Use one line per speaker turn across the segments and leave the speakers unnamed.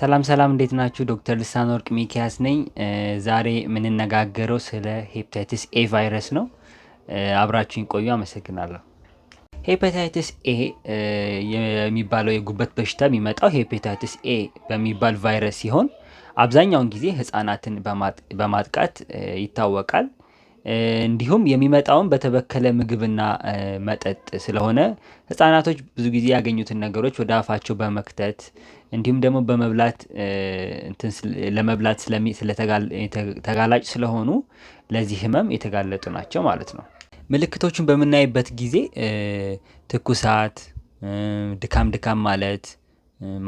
ሰላም ሰላም እንዴት ናችሁ? ዶክተር ልሳን ወርቅ ሚኪያስ ነኝ። ዛሬ የምንነጋገረው ስለ ሄፓታይትስ ኤ ቫይረስ ነው። አብራችሁኝ ቆዩ። አመሰግናለሁ። ሄፓታይትስ ኤ የሚባለው የጉበት በሽታ የሚመጣው ሄፓታይትስ ኤ በሚባል ቫይረስ ሲሆን አብዛኛውን ጊዜ ህጻናትን በማጥቃት ይታወቃል። እንዲሁም የሚመጣውን በተበከለ ምግብና መጠጥ ስለሆነ ህፃናቶች ብዙ ጊዜ ያገኙትን ነገሮች ወደ አፋቸው በመክተት እንዲሁም ደግሞ በመብላት ለመብላት ተጋላጭ ስለሆኑ ለዚህ ህመም የተጋለጡ ናቸው ማለት ነው። ምልክቶቹን በምናይበት ጊዜ ትኩሳት፣ ድካም ድካም ማለት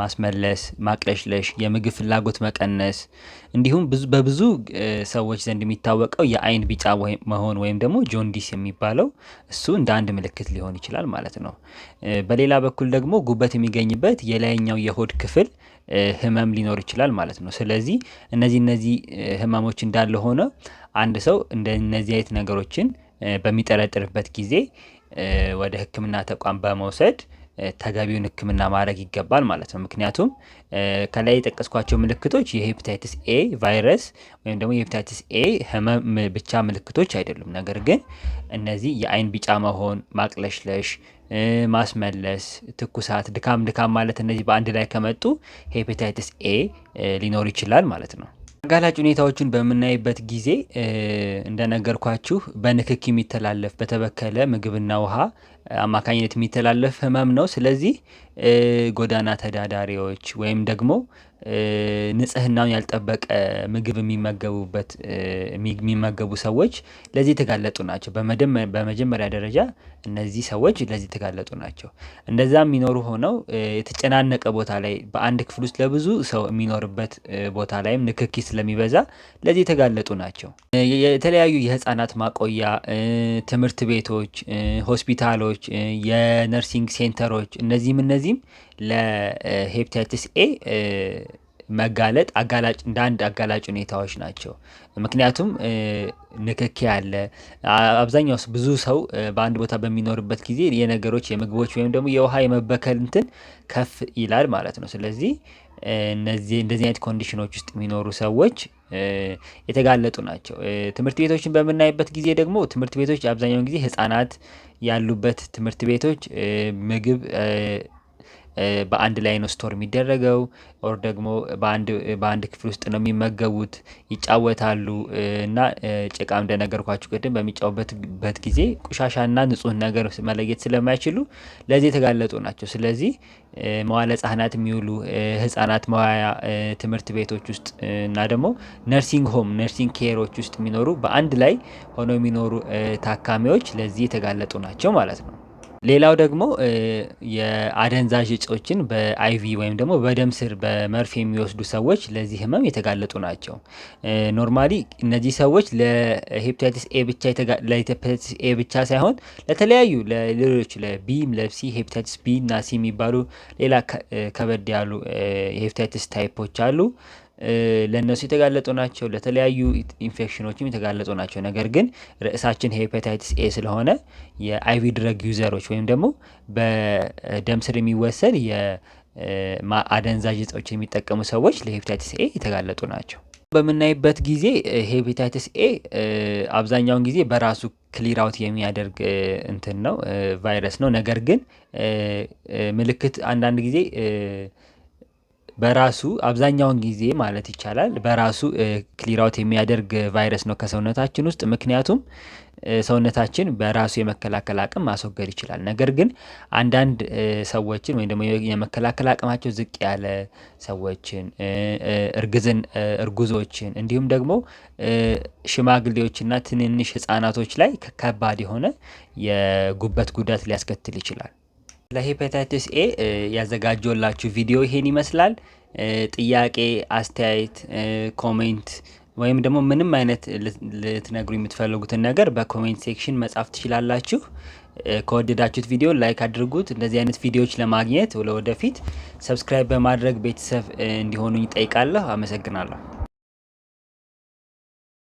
ማስመለስ፣ ማቅለሽለሽ፣ የምግብ ፍላጎት መቀነስ እንዲሁም በብዙ ሰዎች ዘንድ የሚታወቀው የአይን ቢጫ መሆን ወይም ደግሞ ጆንዲስ የሚባለው እሱ እንደ አንድ ምልክት ሊሆን ይችላል ማለት ነው። በሌላ በኩል ደግሞ ጉበት የሚገኝበት የላይኛው የሆድ ክፍል ህመም ሊኖር ይችላል ማለት ነው። ስለዚህ እነዚህ እነዚህ ህመሞች እንዳለ ሆነ አንድ ሰው እነዚህ አይነት ነገሮችን በሚጠረጥርበት ጊዜ ወደ ህክምና ተቋም በመውሰድ ተገቢውን ሕክምና ማድረግ ይገባል ማለት ነው። ምክንያቱም ከላይ የጠቀስኳቸው ምልክቶች የሄፕታይትስ ኤ ቫይረስ ወይም ደግሞ የሄፕታይትስ ኤ ህመም ብቻ ምልክቶች አይደሉም። ነገር ግን እነዚህ የአይን ቢጫ መሆን፣ ማቅለሽለሽ፣ ማስመለስ፣ ትኩሳት፣ ድካም ድካም ማለት እነዚህ በአንድ ላይ ከመጡ ሄፕታይትስ ኤ ሊኖር ይችላል ማለት ነው። አጋላጭ ሁኔታዎችን በምናይበት ጊዜ እንደነገርኳችሁ በንክክ የሚተላለፍ በተበከለ ምግብና ውሃ አማካኝነት የሚተላለፍ ህመም ነው። ስለዚህ ጎዳና ተዳዳሪዎች ወይም ደግሞ ንጽህናውን ያልጠበቀ ምግብ የሚመገቡበት የሚመገቡ ሰዎች ለዚህ የተጋለጡ ናቸው። በመጀመሪያ ደረጃ እነዚህ ሰዎች ለዚህ የተጋለጡ ናቸው። እንደዛ የሚኖሩ ሆነው የተጨናነቀ ቦታ ላይ በአንድ ክፍል ውስጥ ለብዙ ሰው የሚኖርበት ቦታ ላይም ንክኪ ስለሚበዛ ለዚህ የተጋለጡ ናቸው። የተለያዩ የህፃናት ማቆያ ትምህርት ቤቶች ሆስፒታሎች የነርሲንግ ሴንተሮች እነዚህም እነዚህም ለሄፕታይትስ ኤ መጋለጥ አጋላጭ እንደ አንድ አጋላጭ ሁኔታዎች ናቸው። ምክንያቱም ንክኪ አለ። አብዛኛው ብዙ ሰው በአንድ ቦታ በሚኖርበት ጊዜ የነገሮች የምግቦች ወይም ደግሞ የውሃ የመበከል እንትን ከፍ ይላል ማለት ነው። ስለዚህ እነዚህ እንደዚህ አይነት ኮንዲሽኖች ውስጥ የሚኖሩ ሰዎች የተጋለጡ ናቸው። ትምህርት ቤቶችን በምናይበት ጊዜ ደግሞ ትምህርት ቤቶች አብዛኛውን ጊዜ ህፃናት ያሉበት ትምህርት ቤቶች ምግብ በአንድ ላይ ነው ስቶር የሚደረገው ኦር ደግሞ በአንድ ክፍል ውስጥ ነው የሚመገቡት ይጫወታሉ እና ጭቃ እንደነገርኳችሁ ቅድም በሚጫወበት ጊዜ ቆሻሻና ንጹህ ነገር መለየት ስለማይችሉ ለዚህ የተጋለጡ ናቸው። ስለዚህ መዋለ የሚውሉ ህፃናት መዋያ ትምህርት ቤቶች ውስጥ እና ደግሞ ነርሲንግ ሆም ነርሲንግ ኬሮች ውስጥ የሚኖሩ በአንድ ላይ ሆነው የሚኖሩ ታካሚዎች ለዚህ የተጋለጡ ናቸው ማለት ነው። ሌላው ደግሞ የአደንዛዥ እጾችን በአይቪ ወይም ደግሞ በደም ስር በመርፌ የሚወስዱ ሰዎች ለዚህ ህመም የተጋለጡ ናቸው። ኖርማሊ እነዚህ ሰዎች ለሄፕታይቲስ ኤ ብቻ ኤ ብቻ ሳይሆን ለተለያዩ ለሌሎች ለቢም ለሲ ሄፕታይቲስ ቢ እና ሲ የሚባሉ ሌላ ከበድ ያሉ የሄፓታይቲስ ታይፖች አሉ። ለእነሱ የተጋለጡ ናቸው። ለተለያዩ ኢንፌክሽኖችም የተጋለጡ ናቸው። ነገር ግን ርዕሳችን ሄፓታይትስ ኤ ስለሆነ የአይቪ ድረግ ዩዘሮች ወይም ደግሞ በደም ስር የሚወሰድ የአደንዛዥ እጾችን የሚጠቀሙ ሰዎች ለሄፓታይትስ ኤ የተጋለጡ ናቸው። በምናይበት ጊዜ ሄፓታይትስ ኤ አብዛኛውን ጊዜ በራሱ ክሊር አውት የሚያደርግ እንትን ነው ቫይረስ ነው። ነገር ግን ምልክት አንዳንድ ጊዜ በራሱ አብዛኛውን ጊዜ ማለት ይቻላል በራሱ ክሊር አውት የሚያደርግ ቫይረስ ነው ከሰውነታችን ውስጥ ምክንያቱም ሰውነታችን በራሱ የመከላከል አቅም ማስወገድ ይችላል። ነገር ግን አንዳንድ ሰዎችን ወይም ደግሞ የመከላከል አቅማቸው ዝቅ ያለ ሰዎችን እርግዝን እርጉዞችን እንዲሁም ደግሞ ሽማግሌዎችና ትንንሽ ህፃናቶች ላይ ከባድ የሆነ የጉበት ጉዳት ሊያስከትል ይችላል ለሄፓታይትስ ኤ ያዘጋጀላችሁ ቪዲዮ ይሄን ይመስላል። ጥያቄ፣ አስተያየት፣ ኮሜንት ወይም ደግሞ ምንም አይነት ልትነግሩ የምትፈልጉትን ነገር በኮሜንት ሴክሽን መጻፍ ትችላላችሁ። ከወደዳችሁት ቪዲዮ ላይክ አድርጉት። እንደዚህ አይነት ቪዲዮዎች ለማግኘት ለወደፊት ሰብስክራይብ በማድረግ ቤተሰብ እንዲሆኑኝ ይጠይቃለሁ። አመሰግናለሁ።